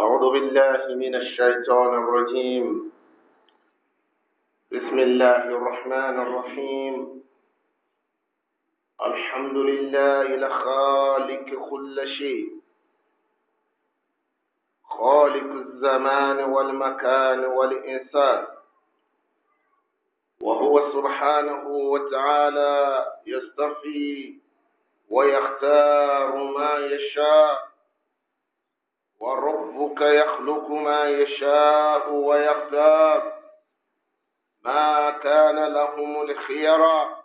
أعوذ بالله من الشيطان الرجيم بسم الله الرحمن الرحيم الحمد لله لخالق كل شيء خالق الزمان والمكان والإنسان وهو سبحانه وتعالى يستفي ويختار ما يشاء وربك يخلق ما يشاء ويختار ما كان لهم الخيرة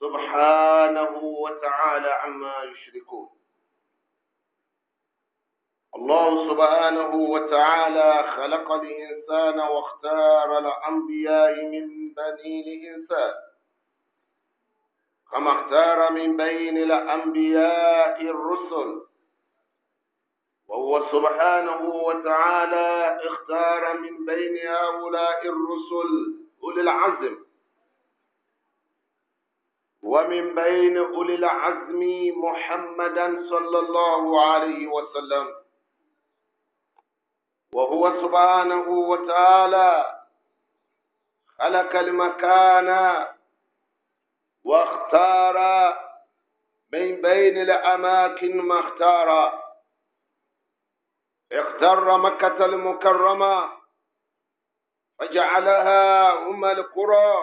سبحانه وتعالى عما يشركون الله سبحانه وتعالى خلق الإنسان واختار الأنبياء من بني الإنسان كما اختار من بين الأنبياء الرسل وهو سبحانه وتعالى اختار من بين هؤلاء الرسل أولي العزم ومن بين أولي العزم محمدا صلى الله عليه وسلم وهو سبحانه وتعالى خلق المكان واختار من بين الأماكن ما اختارها اختار مكة المكرمة فجعلها أم القرى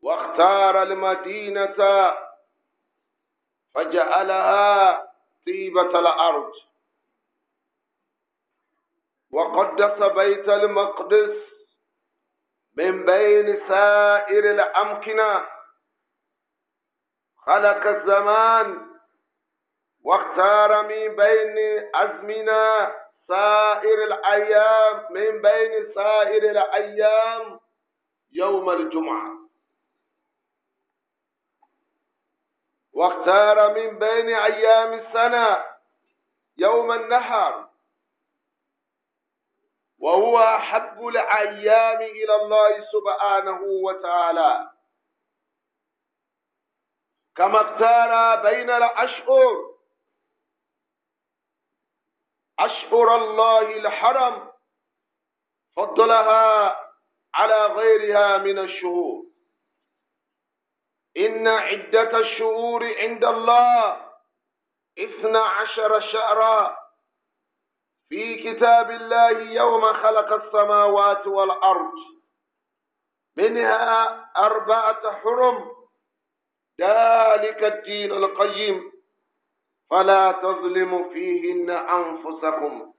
واختار المدينة فجعلها طيبة الأرض وقدس بيت المقدس من بين سائر الأمكنة خلق الزمان واختار من بين أزمنا سائر الأيام من بين سائر الأيام يوم الجمعة واختار من بين أيام السنة يوم النحر وهو أحب الأيام إلى الله سبحانه وتعالى كما اختار بين الأشهر أشهر الله الحرم فضلها على غيرها من الشهور إن عدة الشهور عند الله اثنا عشر شهرا في كتاب الله يوم خلق السماوات والأرض منها أربعة حرم ذلك الدين القيم فلا تظلموا فيهن أنفسكم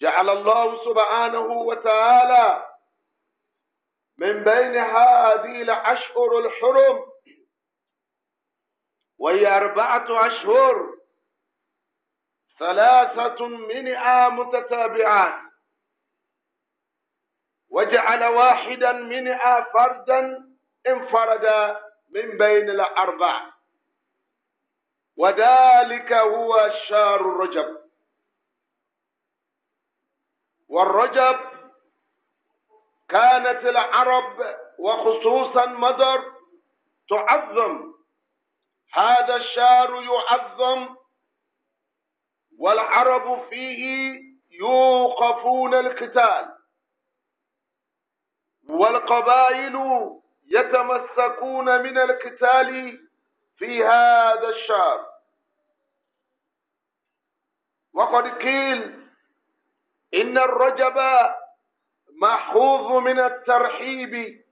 جعل الله سبحانه وتعالى من بين هذه الأشهر الحرم وهي أربعة أشهر ثلاثة منها متتابعات وجعل واحدا منها فردا انفرد من بين الأربعة وذلك هو شهر الرجب والرجب كانت العرب وخصوصا مضر تعظم هذا الشهر يعظم والعرب فيه يوقفون القتال والقبائل يتمسكون من القتال في هذا الشهر وقد قيل إن الرجب محفوظ من الترحيب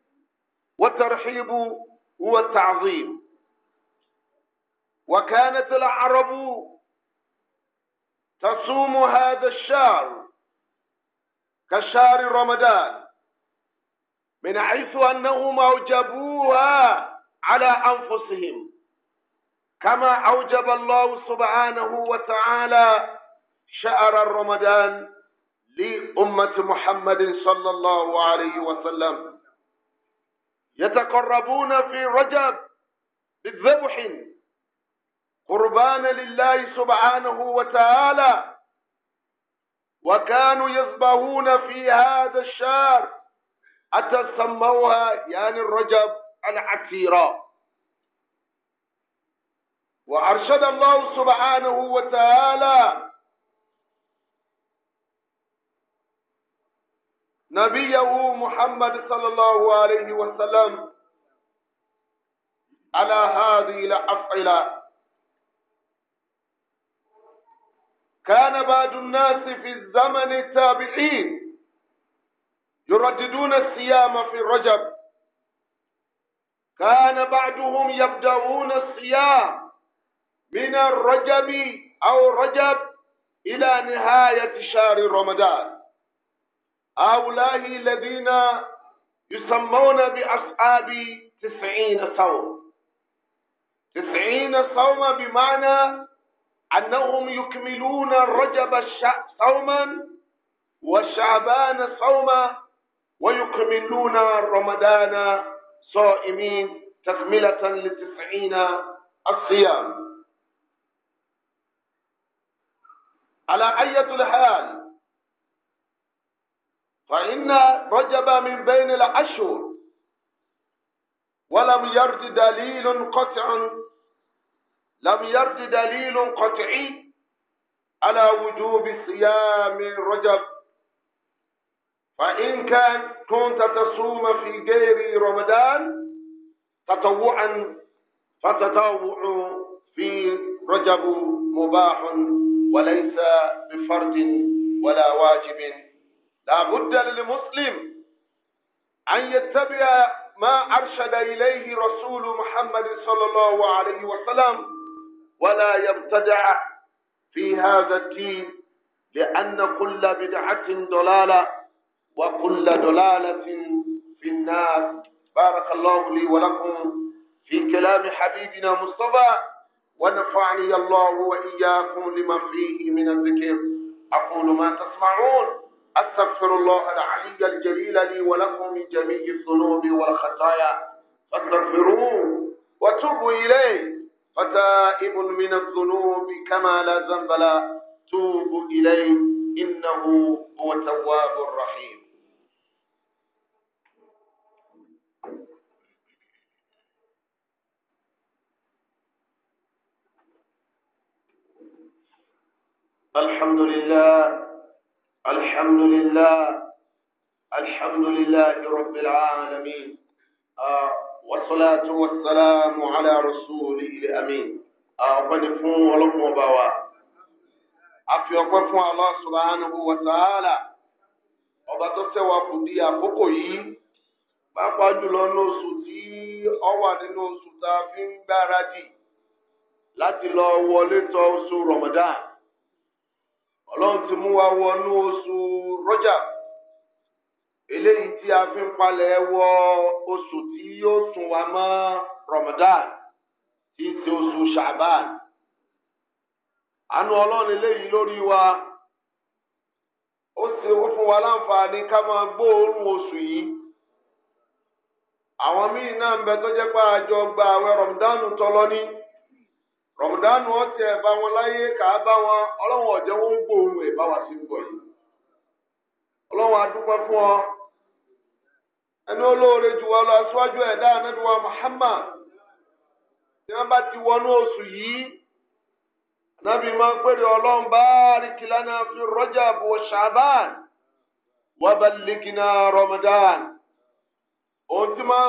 والترحيب هو التعظيم وكانت العرب تصوم هذا الشهر كشهر رمضان من حيث أنهم أوجبوها على أنفسهم كما أوجب الله سبحانه وتعالى شعر الرمضان لأمة محمد صلى الله عليه وسلم يتقربون في رجب بالذبح قربان لله سبحانه وتعالى وكانوا يذبحون في هذا الشهر أتسموها يعني الرجب العتيرة وأرشد الله سبحانه وتعالى نبيه محمد صلى الله عليه وسلم على هذه الأفعلة كان بعض الناس في الزمن التابعين يرددون الصيام في رجب كان بعضهم يبدأون الصيام من الرجب أو رجب إلى نهاية شهر رمضان هؤلاء الذين يسمون بأصحاب تسعين صوم تسعين صوم بمعنى أنهم يكملون رجب صوما وشعبان صوما ويكملون رمضان صائمين تكملة لتسعين الصيام على أية الحال فإن رجب من بين الأشهر ولم يرد دليل قطع لم يرد دليل قطعي على وجوب صيام رجب فإن كان كنت تصوم في غير رمضان تطوعا فتطوع في رجب مباح وليس بفرض ولا واجب لا بد للمسلم أن يتبع ما أرشد إليه رسول محمد صلى الله عليه وسلم ولا يبتدع في هذا الدين لأن كل بدعة ضلالة وكل ضلالة في النار بارك الله لي ولكم في كلام حبيبنا مصطفى ونفعني الله وإياكم لما فيه من الذكر أقول ما تسمعون أستغفر الله العلي الجليل لي ولكم من جميع الذنوب والخطايا فاستغفروه وتوبوا إليه فتائب من الذنوب كما لا ذنب له توبوا إليه إنه هو التواب الرحيم الحمد لله الحمد لله الحمد لله رب العالمين آه والصلاة والسلام على رسوله الأمين ọ̀pẹ́ni fún ọlọ́kùn ọba wa a fi ọpẹ́ fún Allah subhanahu wa ta'ala ọba tó tẹ́ wa kù di àkókò yìí pàápàá jùlọ lóṣù tí ọ wà nínú oṣù tá a fi ń gbáradì láti lọ wọlé tọ oṣù Ramadan ọlọ́run ti mú wa wọnú oṣù rọ́jà eléyìí tí a fi ń palẹ̀ wọ oṣù tí yóò sún wa mọ́ Ramadan tí ti oṣù Shaban àánú ọlọ́run eléyìí lórí wa ó ṣe ó fún wa láǹfààní ká máa gbóòórùn oṣù yìí àwọn míì náà ń bẹ tó jẹ́ pé àjọ gba àwẹ̀ Ramadan tọ́lọ́ ní. rọmọdánù ọtẹ ebanwela ihe ka ka ọlọnwa bá wọn ọlọ́wọ́n ọ̀jẹ́ wọn ń gbọ́ ohun ẹ̀ bá wà sí gbọ́ yìí fún ọ ẹni olóore jù wá ẹ̀dá Muhammad wọ́n bá ti oṣù yìí ọlọ́run Sha'ban Ramadan òun ti máa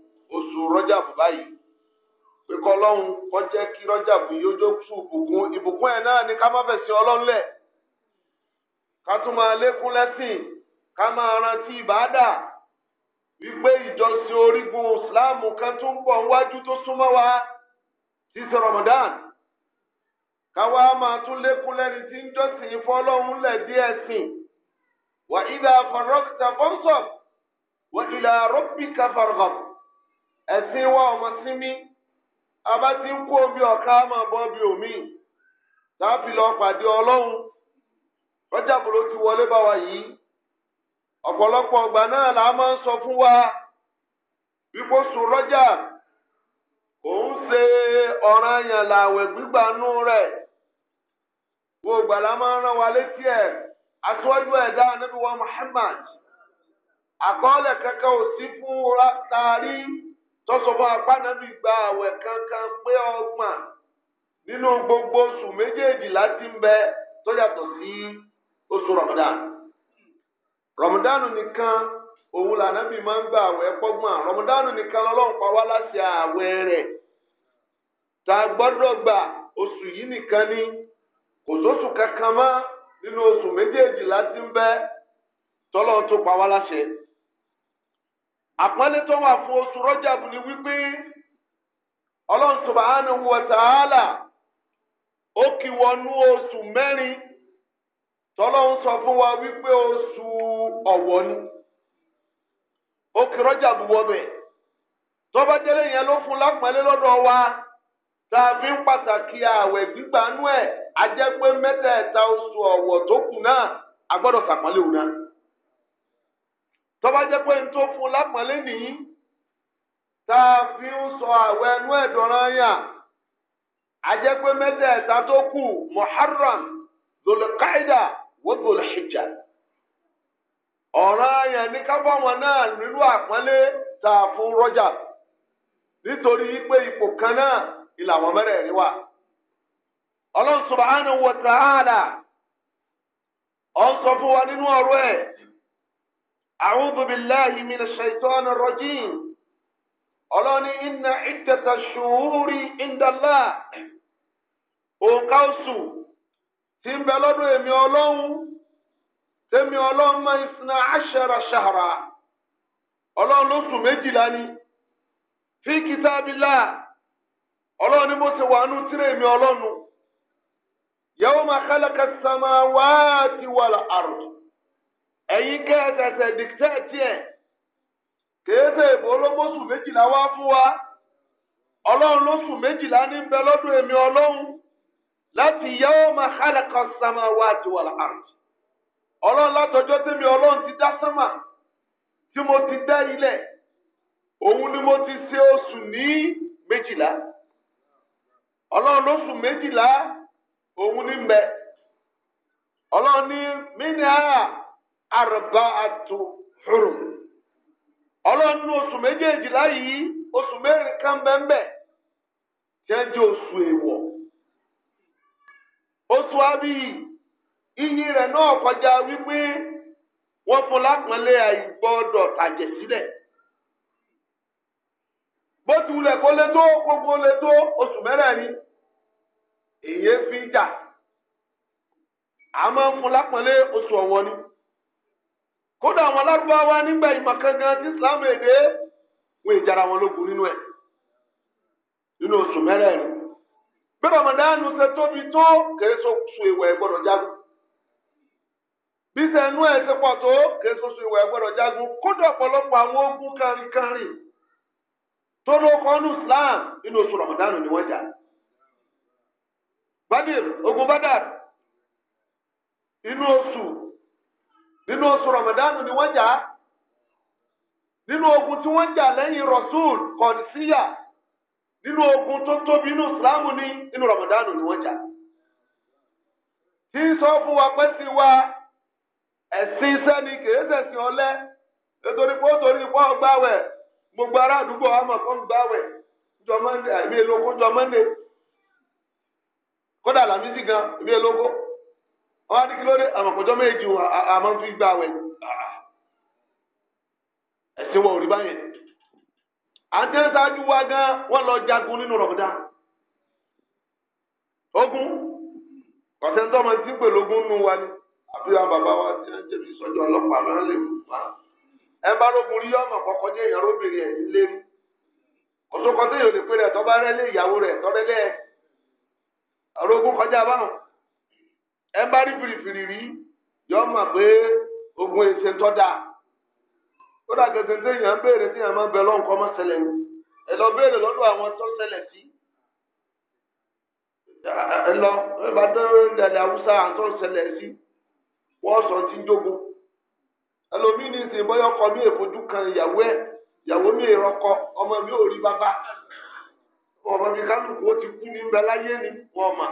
oṣù rọ́jàbù báyìí pé kọ́lọ́hún kọ́ jẹ́ kí rọ́jàbù yóò jó tú ìbùkún ìbùkún ẹ̀ náà ni ká má fẹ̀sìn ọlọ́run lẹ̀ ká tún máa lékún lẹ́sìn ká máa rántí ìbáàdà wípé ìjọsìn orígun ìsìláàmù kan tún bọ̀ wájú tó súnmọ́ wa sísè Ramadan káwa máa tún lékún lẹ́ni tí ń jọ́sìn fọ́lọ́hún lẹ̀ díẹ̀ sìn wà ìlà fọ̀rọ̀kìtà fọ́nsọ̀ wà ìlà rọ́bìkà fọ̀rọ̀kọ̀. ẹ̀sìn wa ọmọ sinmi abá ti ń kú omi ọ̀ká máa bọ́ bí omi láàfin lọ pàdé ọlọ́run lọ́jà ti wọlé bá wa yìí ọ̀pọ̀lọpọ̀ ọgbà náà là á máa ń sọ fún wa wípé sùn lọ́jà òun ṣe ọ̀ràn yàn làwẹ̀ gbígbà nú rẹ̀ gbogbo ìgbà máa ń rán wa létí ẹ̀ fún tọ́sọ fún apánábì gba àwẹ̀ kankan pé ọgbọ̀n nínú gbogbo oṣù méjèèjì láti ń bẹ tó yàtọ̀ sí oṣù Ramadan Ramadan nìkan òun lànàbì máa ń gba Ramadan nìkan pa wá láti ni kò sóṣù kankan nínú oṣù méjèèjì láti ń bẹ tó pa wá àpọ́nlé tó wà fún oṣù rọ́jàbù ni wípé ọlọ́run subhanahu wa ta'ala ó kì wọnú oṣù mẹ́rin tọ́lọ́run sọ fún wa wípé oṣù ọ̀wọ̀ ni ó kì rọ́jàbù wọbẹ̀ tọ́ba jẹ́lẹ̀ yẹn ló fún lápọ́nlé lọ́dọ̀ wa tá a fi ń pàtàkì ààwẹ̀ ẹ̀ a mẹ́tẹ̀ẹ̀ta oṣù ọ̀wọ̀ tó kù náà Tọba jẹ́ pé n tó fún lápọ̀nlé nìyí tá a fi ń sọ àwọ̀ ẹnu ẹ̀dọ̀ràn yàn á jẹ́ pé tó kù muharram zolokaidah wa zolhijja ọ̀ràn yàn ní kábọ̀ wọn náà nínú àpọ́nlé tá a fún nítorí pé ipò kan náà ìlà أعوذ بالله من الشيطان الرجيم ọlọ́ni iná ìdẹ̀tà ṣùúrì ìndàlá òǹkà oṣù tí ń bẹ lọ́dún èmi ọlọ́run tẹ́mi ọlọ́run máa ń sinna àṣẹra ṣàrà ọlọ́run lóṣù méjìlá ni fi kìtàbílà ọlọ́run ni mo ti wà nù tírẹ̀ èmi ọlọ́run yawma khalaqa as-samawati wal ard. ẹ̀yin kẹ́ ẹ tẹ̀sẹ̀ dìtẹ́ẹ̀tì ẹ̀ kéésè méjìlá wá fún wa ọlọ́run méjìlá ní bẹ lọ́dún èmi ọlọ́run láti yawma khalaqa as ti dá tí mo ti dá ilẹ̀ òun ni mo ti ṣe oṣù ní méjìlá méjìlá òun bẹ ní mí arba'atu hurum ọlọ́run ní oṣù méjèèjìlá yìí oṣù mẹ́rin kan bẹ́ẹ̀ jẹ́jẹ́ oṣù èèwọ̀ oṣù abiyì iyì rẹ̀ náà kọjá wípé wọ́n fún lápọ̀nlé osumere tàjẹ̀ sílẹ̀ bó ti kó lé tó kódà àwọn alárúbáwá nígbà ìmọ̀kan gan tí islam èdè wọn ìjara wọn lógun nínú ẹ̀ nínú oṣù mẹ́rẹ̀ẹ̀rin bí ramadanu ṣe tóbi tó kèé sọ̀sọ̀ ìwà ẹ̀ gbọ́dọ̀ jagun bí sẹ́nu ẹ̀ ṣe pọ̀ tó kèé sọ̀sọ̀ ìwà ẹ̀ gbọ́dọ̀ kódà ọ̀pọ̀lọpọ̀ àwọn ogun kárìnkárìn tó ló kọ́nù islam nínú oṣù ni wọ́n jà nínú oṣù Ramadanu ni wọ́n jà á nínú ogun tí wọ́n jà lẹ́yìn rasul kọdísíyà nínú ogun tó tóbi inú islam ní inú rọmọdánù ni wọ́n jà tí sọ fún wa pé sí wa ẹ̀sìn iṣẹ́ ni kìí ṣẹ̀sìn ọ̀lẹ nítorí pé ó torí pé ó gbàwẹ̀ gbogbo ará àdúgbò àmọ̀ kan gbàwẹ̀ jọ mọ́ndé àìmí elóko jọ mọ́ndé kódà làmísì gan ìmí elóko. wọ́n á ní kí ló dé àmọ̀kọ́jọ́ méjì wọn àmọ́ fi gbà wẹ̀ ẹ̀sìn wọn ò rí báyẹn. àǹtẹ̀ wa gan lọ jagun nínú rọ̀bùdá ogun ọ̀sẹ̀ ńtọ́ ti pèlú ogun nù wa ni àbí àwọn bàbá wa ti ń jẹ̀bi sọ́jọ́ ọlọ́pàá lè mú wa. ẹ bá ọmọ kọkọ jẹ́ ẹ̀ nílé lè rẹ̀ kọjá ẹ bá rí fìrìfìrì rí yọ mọ̀ pé ogun èsè tọ́ da ó dà gẹ́gẹ́ tí èèyàn ń béèrè tí èèyàn máa ń bẹ lọ́nkọ́ mọ́ ṣẹlẹ̀ ní ẹ lọ béèrè lọ́dọ̀ àwọn tó ṣẹlẹ̀ sí ẹ lọ ẹ bá dé ilẹ̀ haúsá àtọ́ ṣẹlẹ̀ sí wọ́n sọ ti ń jogun ẹlòmíì ní ìsìn bọ́yọ̀ kọ ní èfojú kan ìyàwó ẹ̀ ìyàwó mi ìrọkọ ọmọ mi ò rí bàbá ọmọ mi kálukú ó ti kú ní bẹ láyé ni wọ́n mọ̀.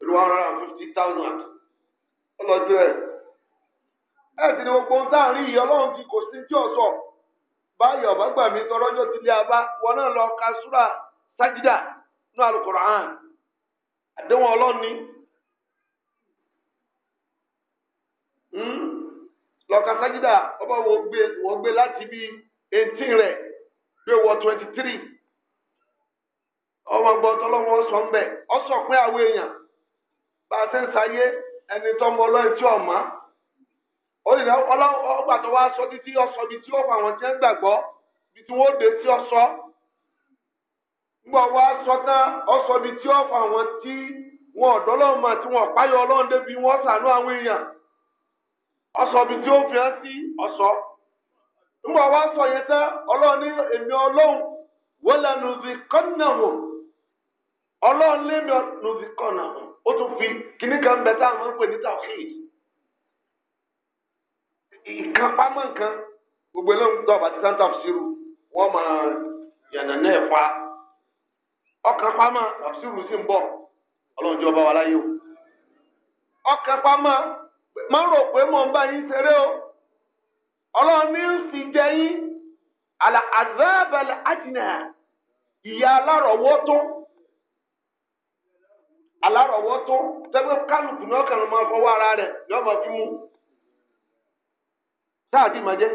one hundred and fifty thousand ọlọ́jọ́ ẹ̀ ẹ̀ sì ni gbogbo ń tá à ń rí yìí ọlọ́run ti kò sí tí ò sọ báyìí ọ̀bá gbà mí tọrọ́jọ́ ti abá wọn náà lọ ka súrà sájídà ní alukoro quran àdéhùn lọ́ka hmm? sájídà ọba wọ́n gbé wọ́n gbé láti bí eighteen rẹ̀ twenty three ọmọ sọ ń bẹ̀ ọ sọ pé àwọn èèyàn. bá a ṣe ń sayé ẹni tọmọ ọlọ́yìn tí ọ̀ma òyìnbó tó wá sọ ọsọ bíi tí ọmọ àwọn tí ń gbàgbọ́ bíi tí wọ́n ọsọ gbọ́ wá sọ tán ọsọ bíi tí àwọn tí wọn ọ̀dọ́ ọsọ tí ó ọsọ wá sọ yẹn tán ọlọ́run ní èmi ọlọ́run wọ́n lẹ́nu ó tún fi kíní kan bẹ táwọn máa ń pè ní tawhid ìkápámọ́ nǹkan gbogbo eléyìí tó àbàtì sáńtà fìṣirù wọ́n máa yànnà náà fa ọkàn pamọ́ àfìṣirù sì ń bọ̀ ọlọ́run jọba wa láyé o ọkàn pamọ́ má rò pé mò ń bá yín ṣeré o ọlọ́run ní ń fi jẹ yín àlà àzábàlà àjìnà ìyá alárọ̀wọ́ tó. ala tẹ́gbẹ́ kálukú ní ọkàn máa fọwọ́ ara rẹ̀ yóò máa fi mú sáàdì máa jẹ́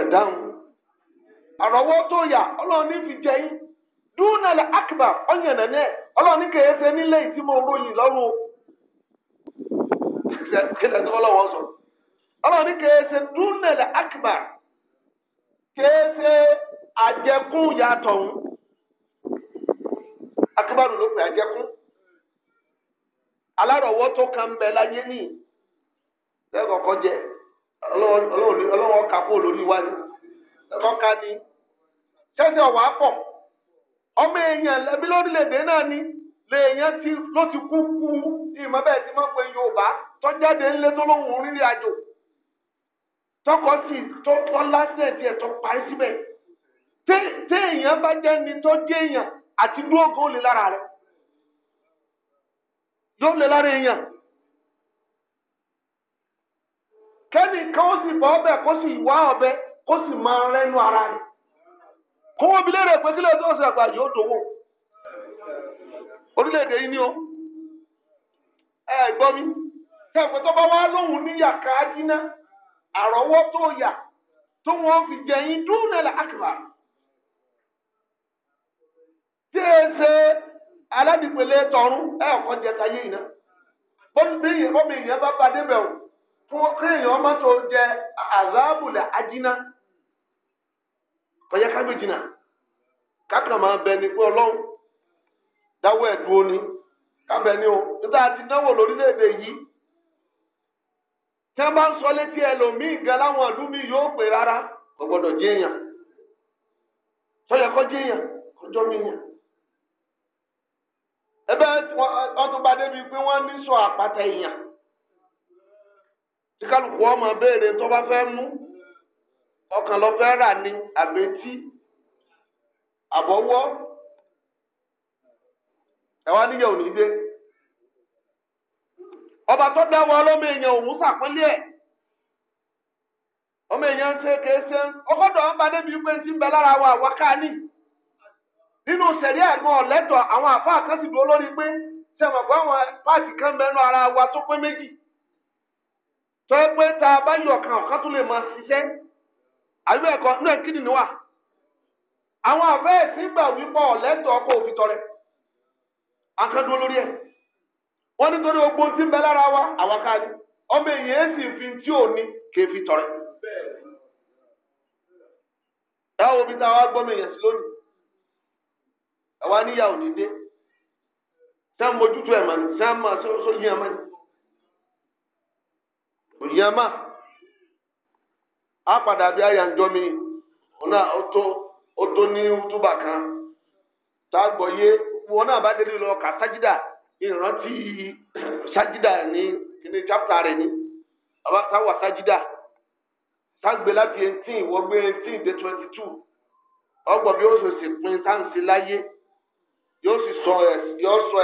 ẹ̀dáhùn àrọ̀wọ́tó yà ọlọ́run fi jẹ́ yín akpa akíbà na náà ọlọ́run ní kèéfé nílé ìtí mo ròyìn lọ́rùn kílẹ̀ tí wọ́n sọ ọlọ́run ní kèéfé akibaru ló pè ajẹkún alárọwọ tó kàn bẹ láyé ní lẹkọọkọ jẹ ọlọwọ kakó lórí wa ni lẹkọọka ni sẹsẹ ọwọ akọ ọmọ èèyàn lẹbi náà ni lèèyàn ti ló ti kú kú ti máa pe yorùbá tó lóhùn àjò tọkọ sí tó tó téèyàn bá ni tó àti dúró gan ó lè lára rẹ yóò lè lára èèyàn kẹ́ni kan ó sì bọ́ ọbẹ̀ kó sì wá ọbẹ̀ kó sì máa rẹ́nu ara rẹ̀ kó wọ́n bi léèrè pé kílẹ̀ tó ṣe àgbà yóò dòwò orílẹ̀-èdè yìí ni ó ẹ gbọ́ mi kẹ́ẹ̀pẹ́ tó bá wá lóhùn níyà káàdínà àrọ́wọ́ tó yà tó wọ́n fi jẹ̀yìn dúró nílẹ̀ tí e ṣe aládìpele tọ̀run ẹ ọkọ jẹ ta yéyìn náà bómi bómi bá ba o fún kéèyàn má tó jẹ àzábùlà ajíná kọjá kábíyèjì náà kákan máa bẹ pé o níta ti náwó lórílẹ̀ yìí tí wọ́n bá ń sọ létí gan láwọn ìlú mi yóò pè rárá kò gbọ́dọ̀ jẹ́ èèyàn sọ èèyàn yàn. ẹbẹ wọn tún bá débi pé wọn ní sọ àpáta èèyàn tí kálukú ọmọ béèrè tó bá fẹ́ mú ọkàn lọ fẹ́ rà ní àbẹtí àbọwọ ẹwà níyà ò ní dé ọba tó dá wọn èèyàn òun sàpínlẹ ọmọ èèyàn ṣe kéṣe ọgọdọ ọba débi pé ti ń bẹ lára wa àwa nínú sẹ̀rí ẹ̀gbọ́n ọ̀lẹ́tọ̀ àwọn àfáà kan sì dúró lórí pé sẹ̀mọ̀ pé àwọn mẹ́nu ara wa tó pé méjì tó yẹ pé tá a bá yọ ọ̀kan ọ̀kan tó lè máa ṣiṣẹ́ ẹ̀kọ́ náà kí nìyí àwọn gbà ọ̀lẹ́tọ̀ ọkọ̀ lórí ẹ̀ wọ́n nítorí àwa níyàwó ní dé tá a mójútó ẹ̀ mà ní tá a máa sọ yín àmà ní òyìn àmà á padà bí àyànjọ mi ọ̀nà ọ̀tọ̀ ọ̀tọ̀ ní túbà kan tá a gbọ́ yé wọn náà bá délé lọ kà sájídà ìrántí sájídà ní kíní chápítà rẹ ní táwa sájídà tágbé láti eighteen wọ́n gbé eighteen dé twenty two ọgbọ̀n bí ó ṣe ṣe pin táǹsì láyé yóò sì sọ ẹ yóò sọ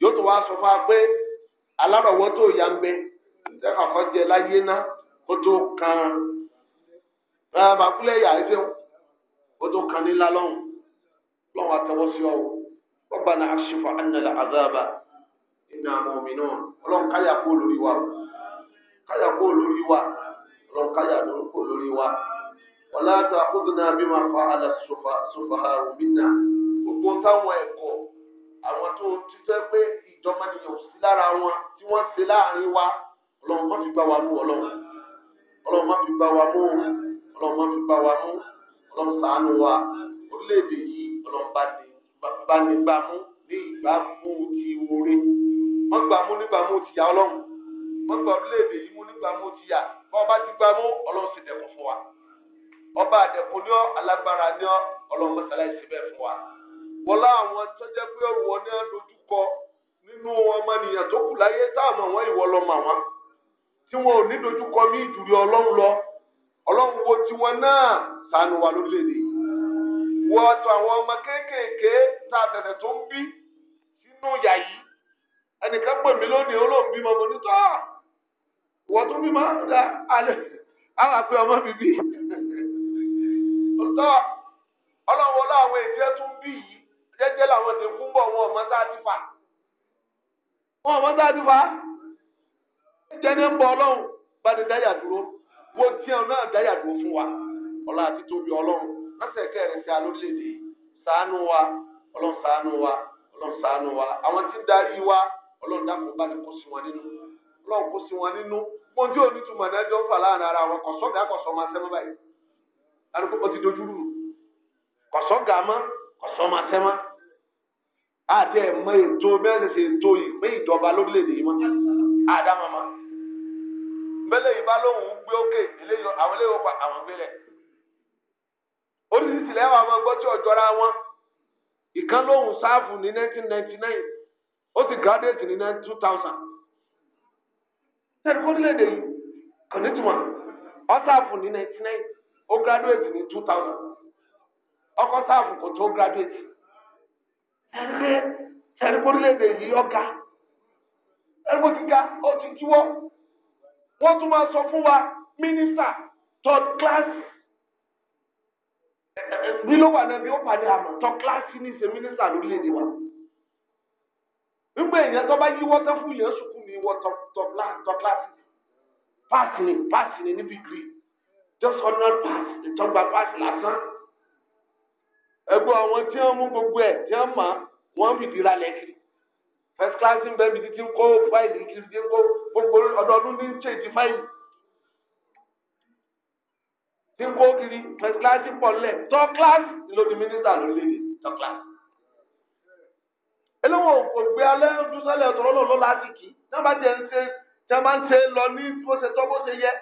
yóò tó wá sọ fún wa pé alárọ̀wọ́ tó yá ń gbé ìjẹ́ka kọ́ jẹ láyé ná kó tó kan bàbákúlẹ̀ yà ẹ́ fẹ́hùn kó tó kan nílá lọ́hùn lọ́hùn àtẹwọ́ sí ọ Rabbana akshif anna al-azaba inna mu'minun ọlọ́run káyà kó lórí wa káyà kó lórí wa ọlọ́run káyà kó lórí wa gbogbo táwọn ẹ̀kọ́ àwọn tó ti fẹ́ pé ìjọba nìyẹn ò sí lára wọn tí wọ́n ṣe láàrin wa ọlọ́run má fi gbá wa mú ọlọ́run ọlọ́run má fi gbá wa mú ọlọ́run má fi gbá wa mú ọlọ́run ṣàánú wa orílẹ̀-èdè yìí ọlọ́run bá ní gbà mú ní ìgbàmú ti wọlé wọ́n gbàmú nígbàmú ti yà ọlọ́run wọ́n gbà orílẹ̀-èdè yìí mú nígbàmú ti yà bọ́ọ̀ bá ti gbàmú ọlọ́run sì dẹ̀kun fún wa ọba àdẹ̀kun ni ọ́ alágbára ni ọ́ ọlọ́run mọ́tàlá ìsibẹ̀ fún wa. wọlá àwọn tó jẹ́ pé wọn ní àdójúkọ nínú ọmọnìyàn tó kù láyé táàmù àwọn ìwọ lọmọ àwọn tí wọn ò ní dojúkọ mí ìjùrí ọlọ́run lọ ọlọ́run wo tiwọn náà sànù wà ọmọ kéékèèké tá a tẹ̀tẹ̀ tó ń bí sínú ìyà yìí ẹnìkan pè mí lónìí wọ́n tún alẹ́ àwọn àpè ọmọ bíbí ọ̀tọ̀ ọlọ́run wọlé àwọn èdè tó ń bí jẹ́jẹ́ làwọn ti kú bọ̀ wọn ọmọ sáà ti fà wọn ọmọ sáà ti fà jẹni ń bọ bá ti dáyà dúró wo tiẹ̀ náà dáyà dúró fún wa ọlọ àti tóbi Ọlọ́run lọsẹ kẹrin sí alóṣèlú ṣàánú wa Ọlọ́run ṣàánú wa wa àwọn tí darí wa Ọlọ́run dàpọ̀ bá ti kó sí wọn nínú Ọlọ́run kó sí wọn nínú onítùmọ̀ ń fà láàrin ara wọn kọ̀sọ́gà kọ̀sọ́ máa sẹ́mọ́ báyìí àti ẹ̀mọ ètò eto ṣe ètò ìpín ìjọba lórílẹ̀‐èdè yìí wọ́n ní àdámọ́mọ́ bẹ́lẹ̀ yìí bá lóun gbé òkè àwọn ilé pa àwọn gbélẹ̀ oríṣiríṣi lẹ́wọ̀n àwọn ọgbọ́n tí lohun wọn ìkan lóun sáàfù ní 1999 ó ti graduate ní 2000 sẹ́ni kórílẹ̀‐èdè yìí kò ní ọ sáàfù ní 1999 ó 2000 ọkọ sáàfù kò tó ẹni pé ẹni pé orílẹ̀-èdè yìí ọ̀gá ẹni pé gíga ó ti jíwọ́ wọ́n tún máa sọ fún wa mínísítà third class bí ló wà náà bí ó pàdé àmọ́ third class ní ṣe mínísítà lórílẹ̀-èdè wa nígbà èèyàn tó bá yíwọ́ tán fún yẹn sùkúù ní wọ́ third class pass ni pass ni níbi green just ordinary pass ìtọ́gba pass lásán ẹgbẹ́ àwọn tí wọ́n mú gbogbo ẹ̀ tí wọ́n máa wọ́n ń bìbí ra lẹ́kìrì first class ń bẹ́ẹ̀ bìbí ti ń kó fáìlì kiri ti ń kó gbogbo ọdọọdún ní ṣe ti fáìlì ti ń kó kiri first class pọ̀ lẹ̀ tọ́ class ló di mínísítà lórílẹ̀‐èdè tọ́ class. eléwọ̀n kò gbé alẹ́ ojúsálẹ̀ ọ̀tọ̀rọ̀ lọ́lọ́ láti kì í náà bá jẹ́ ń ṣe tẹ́ máa ń ṣe lọ ní bó ṣe tọ́ bó ṣe yẹ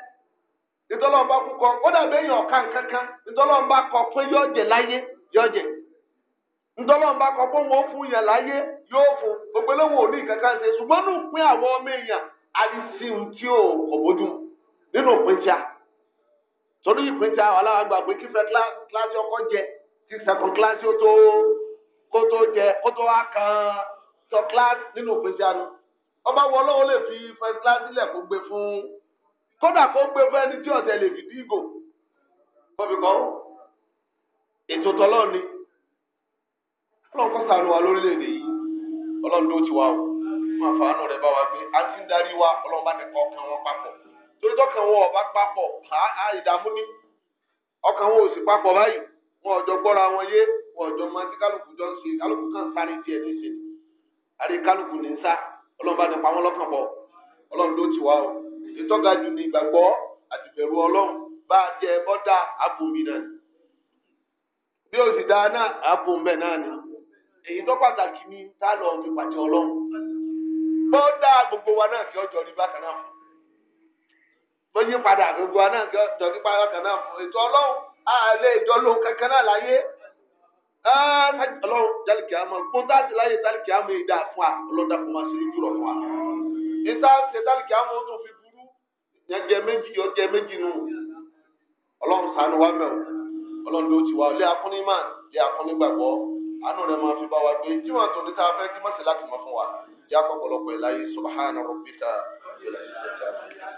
ìtọ́lọ́mbà kú kọ́ ó dàbí èèyàn ọ̀kan kankan ìtọ́lọ́mbà kọ pé yọ̀ọ̀jẹ̀ láyé yọ̀ọ̀jẹ̀ ntọ́lọ́mba kọ́kọ́ wọn fún yẹn láyé yóò fún ògbéléwò ní kankan ṣe ṣùgbọ́n ní òpin àwọn ọmọ èèyàn àìsí tí ò kò bójú nínú òpin torí ìpín kí kíláàsì ọkọ jẹ kí sẹkọnd kíláàsì ó jẹ kó tó wá kan sọ kíláàsì nínú òpin tí nu ọba wọn lọ́wọ́ lè fi fẹ́ẹ́ kíláàsì lẹ̀ kó fún kódà kó fún ẹni tí ọ̀tẹ̀ lè fi dígò ọlọ́run kọ́ sàánú wa lórílẹ̀‐èdè yìí ọlọ́run ló ti wá o máa fàánù rẹ̀ bá wa gbé àti ń darí wa ọlọ́run bá nìkan ọkàn wọn papọ̀ torí tọkàn wọn ọba papọ̀ á ìdààmú ní ọkàn wọn ò sì papọ̀ báyìí wọn ọjọ́ gbọ́ra wọn yé wọn ọjọ́ máa ti kálukú jọ ń ṣe kálukú kan sáré tiẹ̀ ní ìṣe àrí kálukú ní ń sá ọlọ́run bá ní pa wọn lọ́kàn pọ̀ ọlọ́run ló ti wá o ìtọ́ga jù ní ìgbàgbọ́ àtìbẹ̀rù ọlọ́run bá a jẹ bọ́dà abòmìnà bí ó sì dáa náà abòmìnà náà ni èyí tó pàtàkì ni tá lọ fi pàdé ọlọ́run bó dá gbogbo wa náà kí ọjọ́ rí bákan náà fún bó yí padà gbogbo wa náà kí ọjọ́ rí bákan náà fún ètò ọlọ́run àlẹ́ ìjọ lóhun kankan náà láyé ọlọ́run jálìkì àmọ́ gbọ́n tá a ti láyé jálìkì àmọ́ èyí dáa fún wa ọlọ́run dàpọ̀ máa ṣe lójú rọ̀ fún wa níta ṣe jálìkì àmọ́ ó tún fi burú yànjẹ méjì ọjẹ méjì nù ọlọ́run ṣàánú wa mẹ́wọ̀ ọlọ́run ló ti wá ilé àánú rẹ̀ máa fi bá wa gbé jíwọ̀ àtòní tá a fẹ́ kí mọ̀sí láti mọ̀ fún wa jẹ́ àpọ̀pọ̀lọpọ̀ ẹ̀ láyé subahana rabbika ìlà ìṣẹ̀jà.